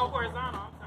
Oh, horizontal.